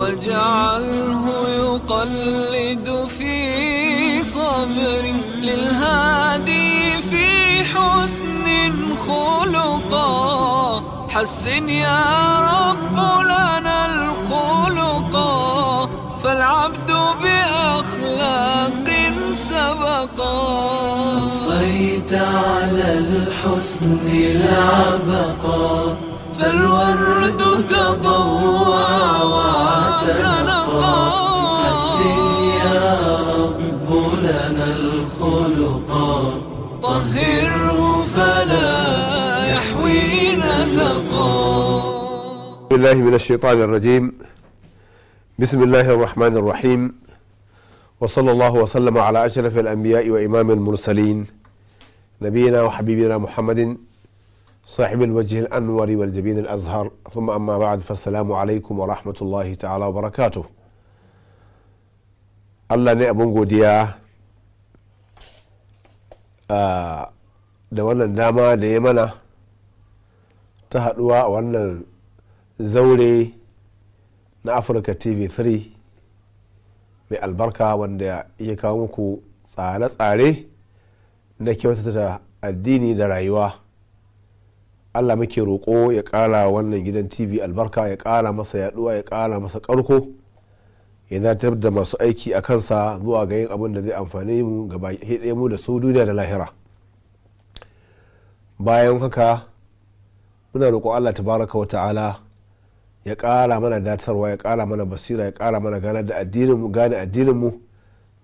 واجعله يقلد في صبر للهادي في حسن خلقا حسن يا رب لنا الخلقا فالعبد بأخلاق سبقا أطفيت على الحسن العبقا فالورد تضوى بالله من الشيطان الرجيم بسم الله الرحمن الرحيم وصلى الله وسلم على أشرف الأنبياء وإمام المرسلين نبينا وحبيبنا محمد صاحب الوجه الأنور والجبين الأزهر ثم أما بعد فالسلام عليكم ورحمة الله تعالى وبركاته الله نأبن نعم قديا آه da wannan dama تهدوا ya zaure na afirka tv 3 mai albarka wanda ya kawo muku tsare-tsare na kyautata addini da rayuwa allah muke roƙo ya ƙara wannan gidan tv albarka ya ƙara masa yaduwa ya ƙara masa ƙarko ya natar da masu aiki a kansa zuwa ga yin abin da zai amfani mu gaba ɗaya mu da su duniya da lahira bayan haka muna roƙo allah tabaraka wa ta'ala ya ƙara mana datarwa ya ƙara mana basira ya ƙara mana gane da addininmu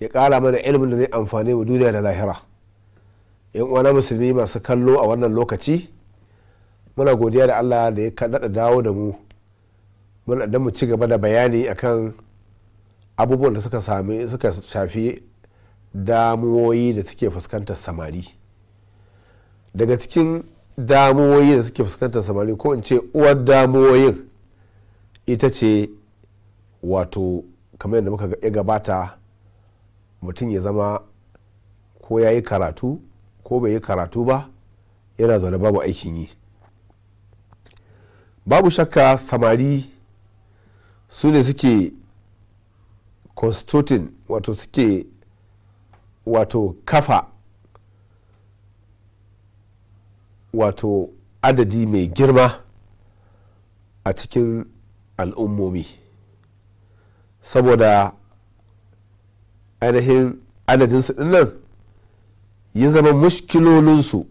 ya ƙara mana ilimin da zai amfani mu duniya da lahira yan uwana musulmi masu kallo a wannan lokaci muna godiya da allah da ya kaɗaɗa dawo da mu muna don mu ci gaba da bayani akan abubuwan da suka sami suka shafi damuwoyi da suke fuskantar samari daga cikin damuwoyi da suke fuskantar samari ko in ce uwar damuwoyin ita ce wato kamar yadda muka ya gabata mutum ya zama ko ya yi karatu ko bai yi karatu ba yana zaune babu aikin yi babu shakka samari su ne suke constituting wato suke wato kafa wato adadi mai girma a cikin al'ummomi saboda ainihin adadinsu dinnan ya zama mushkilolinsu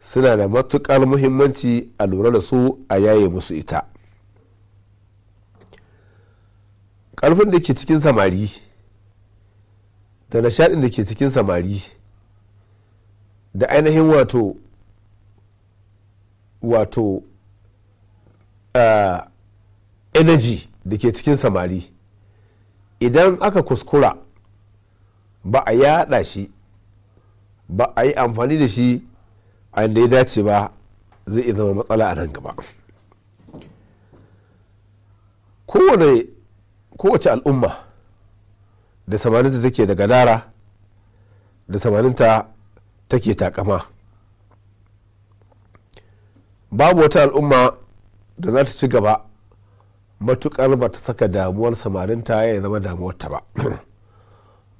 suna da matuƙar muhimmanci a lura da su a yaye musu ita ƙarfin da ke cikin samari da nishaɗin da ke cikin samari da ainihin wato wato uh, energy da ke cikin samari idan aka kuskura ba a yada shi ba a yi amfani da shi a inda ya dace ba zai zama matsala a nan gaba kowace al'umma da samaninta take da gadara da samaninta take takama babu wata al'umma da za ta ci gaba matukar ba ta saka damuwar samarin ta ya zama damuwar ta ba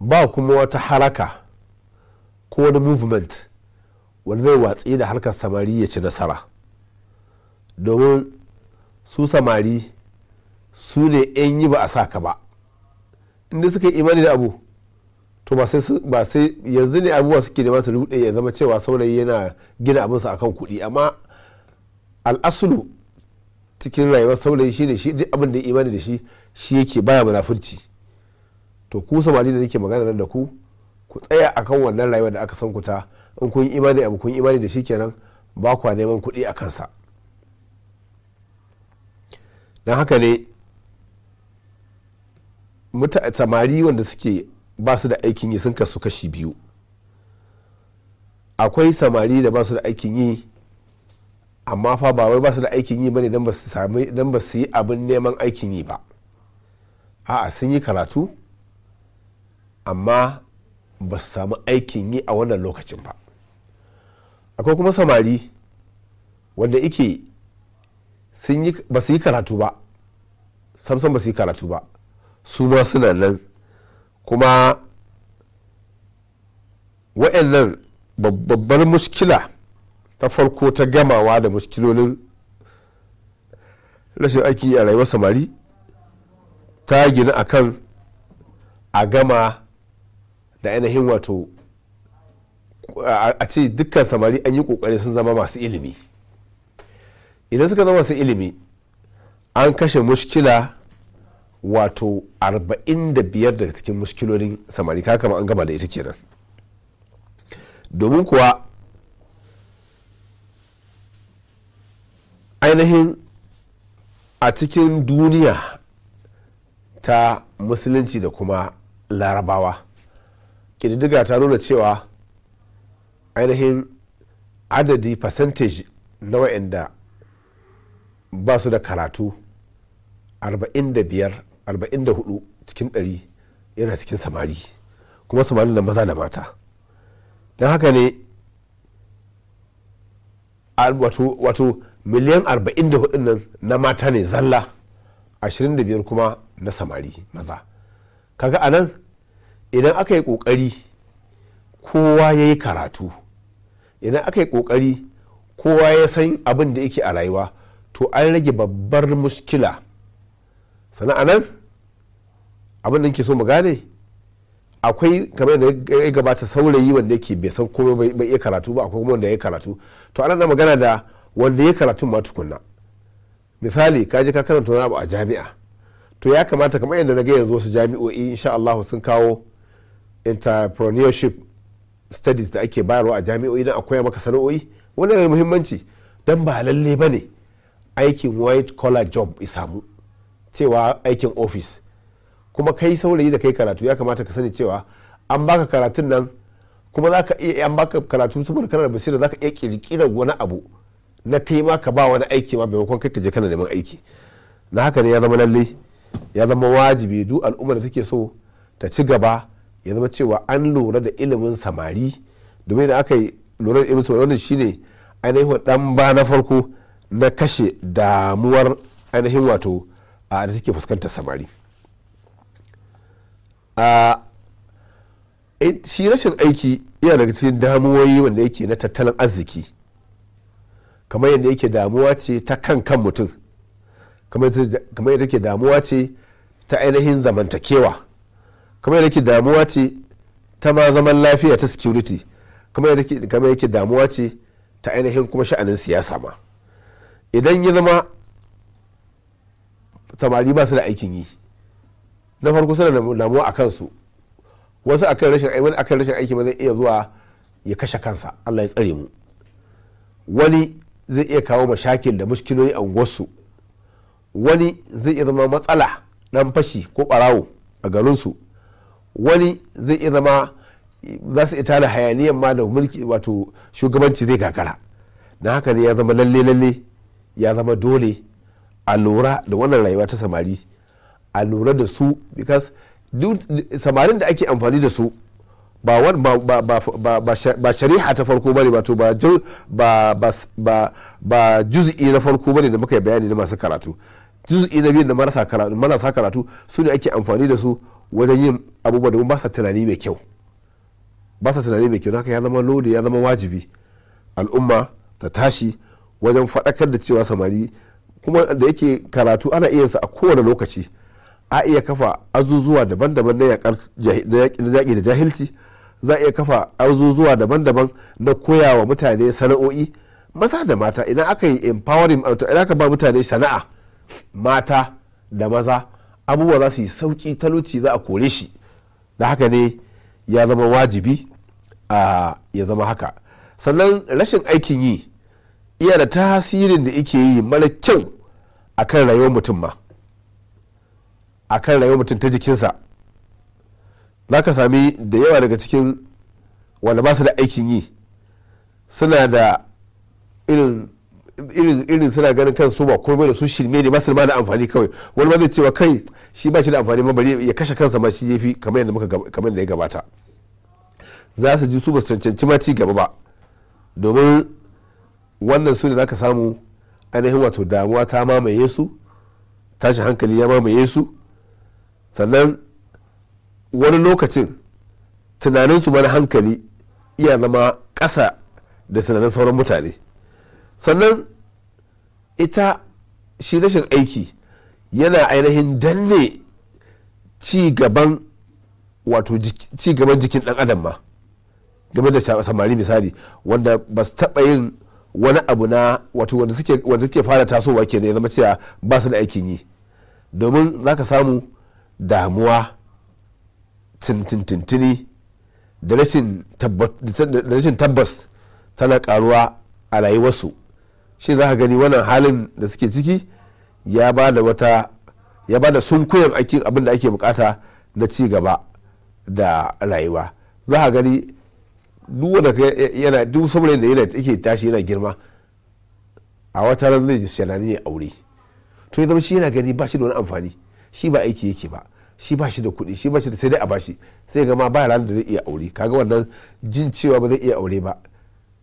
ba kuma wata haraka ko wani movement wanda zai watsi da harkar samari ya ci nasara domin su samari su ne 'yan yi ba a saka ba inda suka yi imani da abu to ba sai yanzu ne abubuwa suke da su rude ya zama cewa saurayi yana gina abinsa akan kuɗi amma al'asulu cikin rayuwar saurayi shi ne shi abin da imani da shi shi yake baya munafurci to ku samari da nake magana nan da ku ku tsaya akan wannan rayuwa da aka san ku ta in kun imani abu kun imani da shi kenan ba kwa neman kuɗi a kansa don haka ne samari wanda suke ba su da aikin yi sun kasu kashi biyu akwai samari da ba su da aikin yi amma fa ba wai ba su da aikin yi bane dan ba su sami don ba su yi abin neman aikin yi ba a'a sun yi karatu amma ba su samu aikin yi a wannan lokacin ba akwai kuma samari wanda ike ba su yi karatu ba samson ba su yi karatu ba su ma suna nan kuma wa'annan babbar muskila ta farko ta gamawa da muskilolin rashin aiki a rayuwar samari ta gina a kan a gama da ainihin wato a ce dukkan samari an yi kokari sun zama masu ilimi idan suka zama masu ilimi an kashe mushkila wato 45 daga cikin mushkilolin samari kama an gama da ita kenan domin kuwa ainihin a cikin duniya ta musulunci da kuma larabawa ƙididdiga ta nuna cewa ainihin adadi percentage na wa'anda ba su da karatu 45-44 cikin 100 yana cikin samari kuma samari da maza da mata don haka ne wato miliyan 44 nan na mata ne zalla 25 kuma na samari maza kaga anan idan aka yi kokari kowa ya yi karatu idan aka yi kokari kowa ya san abin da yake a rayuwa to an rage babbar muskila sana'anan abin da ke so mu gane akwai kamar da ya gabata saurayi wanda yake bai san komai bai iya karatu ba akwai kuma wanda ya karatu to ana na magana da wanda ya karatu ma tukunna misali ka je ka karanta wani abu a jami'a to ya kamata kamar yadda na ga yanzu wasu jami'o'i insha Allah sun kawo entrepreneurship studies da ake bayarwa a jami'o'i dan a maka sana'o'i wannan ne muhimmanci don ba lalle ba ne aikin white collar job isamu cewa aikin office kuma kai saurayi da kai karatu ya kamata ka sani cewa an baka karatun nan kuma za ka iya an baka karatu saboda kana da basira za ka iya kirkirar wani abu na kai ma ka ba wani aiki ma maimakon kai ka je kana neman aiki na haka ne ya zama lalle ya zama wajibi duk al'ummar da take so ta ci gaba ya zama cewa an lura da ilimin samari domin da aka yi lura da ilimin samari wannan shine ainihin dan ba na farko na kashe damuwar ainihin wato a da take fuskantar samari a shi rashin aiki yana daga cikin damuwoyi wanda yake na tattalin arziki kamar yadda yake damuwa ce ta kan kan mutum kamar yadda yake damuwa ce ta ainihin zamantakewa kamar yadda yake damuwa ce ta ma zaman lafiya ta security kamar yadda yake damuwa ce ta ainihin kuma sha'anin siyasa ma idan ya zama samari ba su da aikin yi na farko suna damuwa a kansu wasu akan rashin wani akan rashin aiki ba zai iya zuwa ya kashe kansa Allah ya tsare mu wani zai iya kawo mashakin da muskiloyi a unguwarsu wani zai iya zama matsala dan fashi ko barawo a garinsu wani zai iya zama za su itala hayaniyan ma da mulki wato shugabanci zai kakara na haka ne ya zama lalle lalle ya zama dole a lura da wannan rayuwa ta samari a lura da su because samarin da ake amfani da su ba ba shari'a ta farko bane wato ba ba ba juz'i na farko bane da muka bayani na masu karatu juz'i na biyu da marasa karatu su ne ake amfani da su wajen yin abubuwa da ba sa tunani mai kyau ba sa tunani mai kyau haka ya zama lodi ya zama wajibi al'umma ta tashi wajen faɗakar da cewa samari kuma da yake karatu ana iya sa a kowane lokaci a iya kafa azuzuwa daban-daban na yaƙi da jahilci za a iya kafa azuzuwa daban-daban na koya wa mutane sana'o'i maza da mata idan aka yi empowering idan aka ba mutane sana'a mata da maza abubuwa za su yi sauƙi talauci za a kore shi da haka ne ya zama wajibi a ya zama haka sannan rashin aikin yi iya da tasirin da ike yi mara kyau a kan rayuwar mutum ma a kan rayuwar mutum ta jikinsa za ka sami da yawa daga cikin wanda ba su da aikin yi suna da irin suna ganin kan su ba komai da su shirme ne ba su da amfani kawai wani ba zai cewa kai shi ba shi da amfani ba bari ya kashe kansa ma shi yafi kamar yadda muka kamar yadda ya gabata za su ji su ba su cancanci ma ci gaba ba domin wannan su ne za ka samu ainihin wato damuwa ta mamaye su tashin hankali ya mamaye su sannan wani lokacin tunaninsu mana hankali iya zama ƙasa da tunanin sauran mutane sannan ita shi rashin aiki yana ainihin danne ci gaban wato ci jikin ɗan adam ma game da samari misali wanda ba su taɓa yin wani abu na wato wanda suke fara tasowa ke ne zama cewa ba su da aikin yi domin za ka samu damuwa tintintintini da rashin tabbas tana karuwa a rayuwarsu shi za ka gani wannan halin da suke ciki ya ba da wata ya ba da sunkuyan aikin abin da ake bukata na ci gaba da rayuwa za ka gani duk duk saboda da yana take tashi yana girma a wata ran zai shanani ya aure to ya zama shi yana gani ba shi da wani amfani shi ba aiki yake ba shi ba shi da kuɗi shi ba shi da sai dai a bashi sai ga ma ba ranar da zai iya aure kaga wannan jin cewa ba zai iya aure ba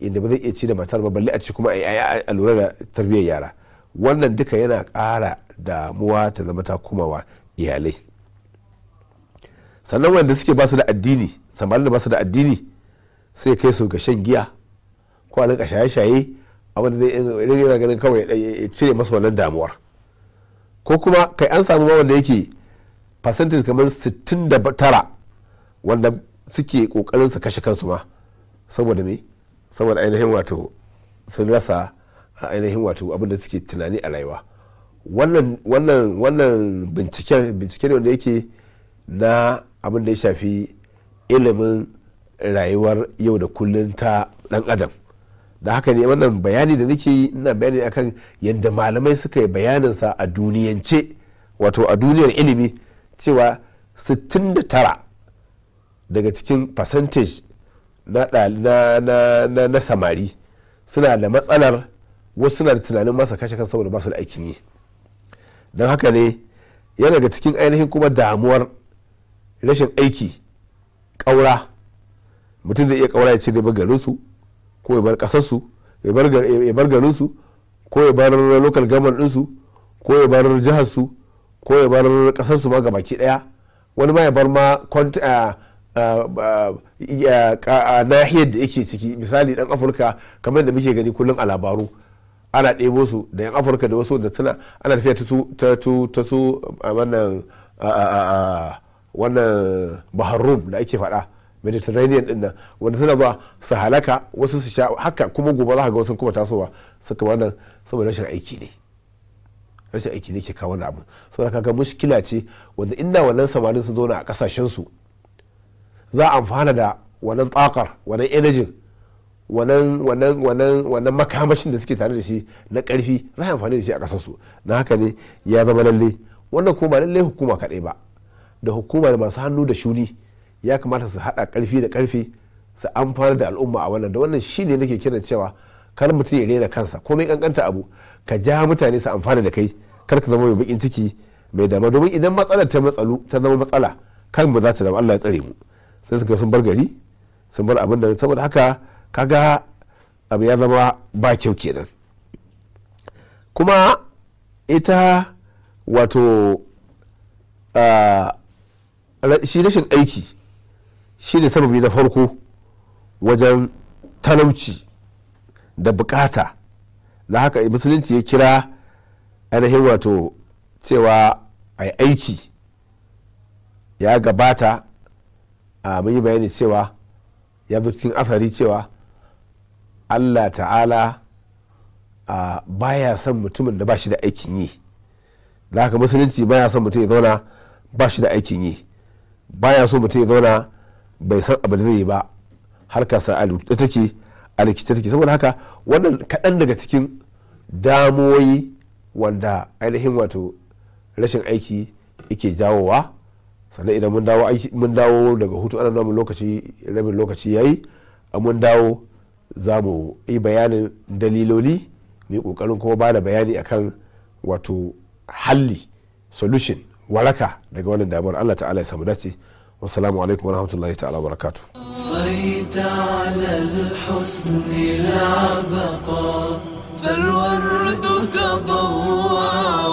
inda ba zai iya ci da matar ba balle a ci kuma a lura da tarbiyyar yara wannan duka yana ƙara damuwa ta zama ta kumawa iyalai sannan wanda suke basu da addini samar da basu da addini sai kai su ga shan giya ko a rinka shaye-shaye abin da zai yi ganin kawai ya cire masa wannan damuwar ko kuma kai an samu ma wanda yake percentage kamar 69 wanda suke kokarin su kashe kansu ma saboda me saboda ainihin wato sun rasa ainihin wato abin suke tunani a rayuwa wannan binciken bincike ne wanda yake na abin ya shafi ilimin rayuwar yau da kullun ta dan adam da haka ne wannan bayani da nake yi ina bayani akan yadda malamai suka yi bayaninsa a duniyance wato a duniyar ilimi cewa 69 daga cikin percentage na, na, na, na samari suna da matsalar wasu suna da tunanin masa kashe kan saboda basu da aikin yi don haka ne yana daga cikin ainihin kuma damuwar rashin aiki ƙaura mutum da iya ƙaura ya ce da garinsu ko ya bar ƙasarsu ya bar garinsu ko ya bar local government ɗinsu ko ya bar jiharsu ko ya bar kasar su ma ga baki daya wani ma ya bar ma nahiyar da yake ciki misali dan afirka kamar da muke gani kullum a labaru ana ɗebo su da yan afirka da wasu da tuna ana tafiya ta su wannan wannan baharrum da ake faɗa mediterranean din nan wanda suna zuwa su halaka wasu su sha haka kuma gobe za ka ga wasu kuma tasowa suka wannan saboda rashin aiki ne rashin aiki ne ke kawo wani abu saboda kaga mushkila ce wanda inda wannan samarin su zauna a kasashen su za a amfana da wannan tsakar wannan energy wannan wannan makamashin da suke tare da shi na karfi za a amfani da shi a kasar su na haka ne ya zama lalle wannan kuma lalle hukuma kadai ba da hukuma da masu hannu da shuni ya kamata su hada karfi da karfi su amfana da al'umma a wannan da wannan shi ne nake kiran cewa kar mutum ya rera kansa komai kankanta abu ka ja mutane su amfana da kai kar ka zama mai bakin ciki mai dama domin idan matsalar ta matsalu ta zama matsala kan mu za ta zama Allah ya tsare mu sai suka sun bar gari sun bar abin da saboda haka kaga abu ya zama ba kyau kenan kuma ita wato ah, shi rashin aiki shi ne sababi na farko wajen talauci da bukata na haka musulunci ya kira ainihin wato cewa a aiki ya gabata a mun yi bayani cewa ya zo cikin asari cewa allah ta'ala a baya son mutumin da ba shi da aikin yi da haka musulunci baya son mutum ya zauna ba shi da aikin yi baya son mutum ya zauna bai san abin da zai yi ba harka sa a take a rikice take saboda haka wannan kaɗan daga cikin damoyi wanda ainihin wato rashin aiki yake jawowa sannan idan mun dawo daga hutu ana namun lokaci rabin lokaci yayi a mun dawo za mu yi bayanin daliloli ne kokarin kuma ba da bayani akan wato halli solution waraka daga wannan damar allah ta'ala ya samu dace alaikum wa ورحمة الله تعالى وبركاته barakatu. على الحسن فالورد تضوع